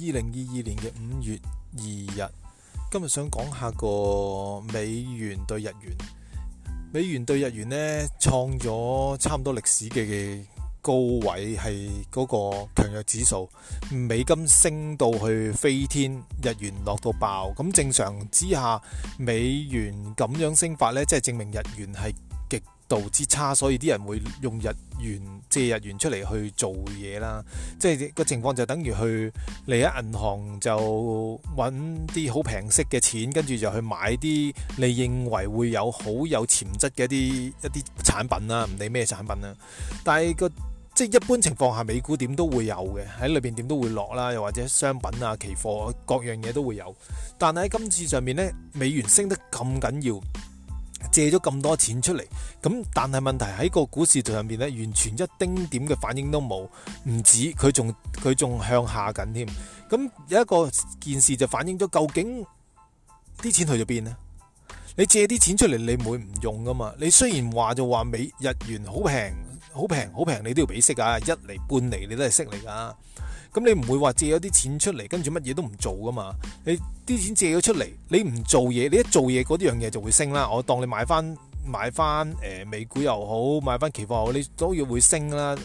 二零二二年嘅五月二日，今日想講下個美元兌日元。美元兌日元呢，創咗差唔多歷史嘅高位，係嗰個強弱指數美金升到去飛天，日元落到爆。咁正常之下，美元咁樣升法呢，即係證明日元係。度之差，所以啲人會用日元借日元出嚟去做嘢啦，即係個情況就等於去嚟喺銀行就揾啲好平息嘅錢，跟住就去買啲你認為會有好有潛質嘅一啲一啲產品啦，唔理咩產品啦。但係個即係一般情況下，美股點都會有嘅，喺裏邊點都會落啦，又或者商品啊、期貨、啊、各樣嘢都會有。但係喺今次上面咧，美元升得咁緊要。借咗咁多錢出嚟，咁但係問題喺個股市圖上面咧，完全一丁點嘅反應都冇，唔止佢仲佢仲向下緊添，咁有一個件事就反映咗究竟啲錢去咗邊呢？你借啲錢出嚟，你唔會唔用噶嘛？你雖然話就話美日元好平，好平，好平，你都要俾息啊，一厘半厘你都係息嚟噶，咁你唔會話借咗啲錢出嚟，跟住乜嘢都唔做噶嘛？你。啲錢借咗出嚟，你唔做嘢，你一做嘢嗰啲樣嘢就會升啦。我當你買翻買翻誒美股又好，買翻期貨好，你都要會升啦。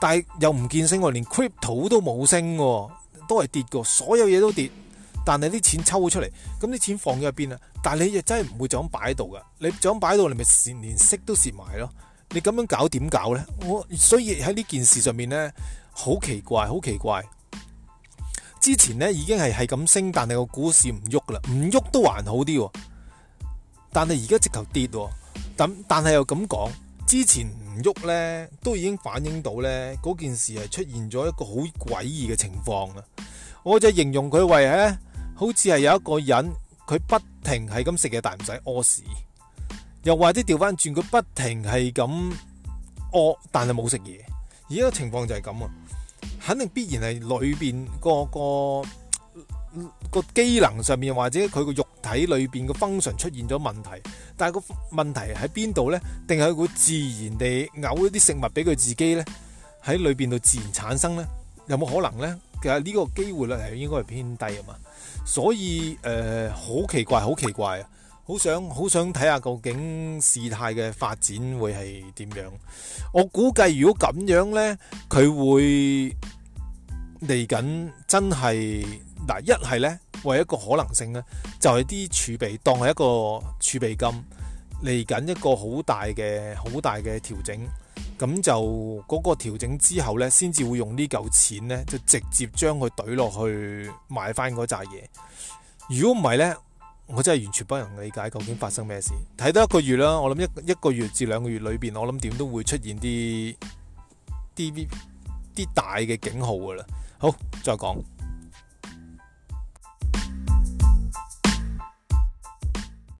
但係又唔見升喎，連 crypto 都冇升喎，都係跌嘅，所有嘢都跌。但係啲錢抽出嚟，咁啲錢放咗入邊啊？但係你又真係唔會就咁擺喺度嘅，你就咁擺喺度，你咪蝕，連息都蝕埋咯。你咁樣搞點搞呢？我所以喺呢件事上面呢，好奇怪，好奇怪。之前呢已經係係咁升，但係個股市唔喐噶啦，唔喐都還好啲，但係而家直頭跌，咁但係又咁講，之前唔喐呢，都已經反映到呢，嗰件事係出現咗一個好詭異嘅情況啊！我就形容佢為呢，好似係有一個人，佢不停係咁食嘢，但唔使屙屎；又或者調翻轉，佢不停係咁屙，但係冇食嘢。而家嘅情況就係咁啊！肯定必然係裏邊個個個機能上面，或者佢個肉體裏邊個 function 出現咗問題，但係個問題喺邊度呢？定係佢自然地嘔一啲食物俾佢自己呢？喺裏邊度自然產生呢？有冇可能呢？其實呢個機會率係應該係偏低啊嘛，所以誒，好、呃、奇怪，好奇怪啊！好想好想睇下究竟事態嘅發展會係點樣？我估計如果咁樣呢，佢會嚟緊真係嗱，一係呢，為一個可能性呢，就係啲儲備當係一個儲備金嚟緊一個好大嘅好大嘅調整，咁就嗰個調整之後呢，先至會用呢嚿錢呢，就直接將佢懟落去買翻嗰扎嘢。如果唔係呢，我真係完全不能理解究竟發生咩事。睇多一個月啦，我諗一一個月至兩個月裏邊，我諗點都會出現啲啲啲大嘅警號㗎啦。好，再講。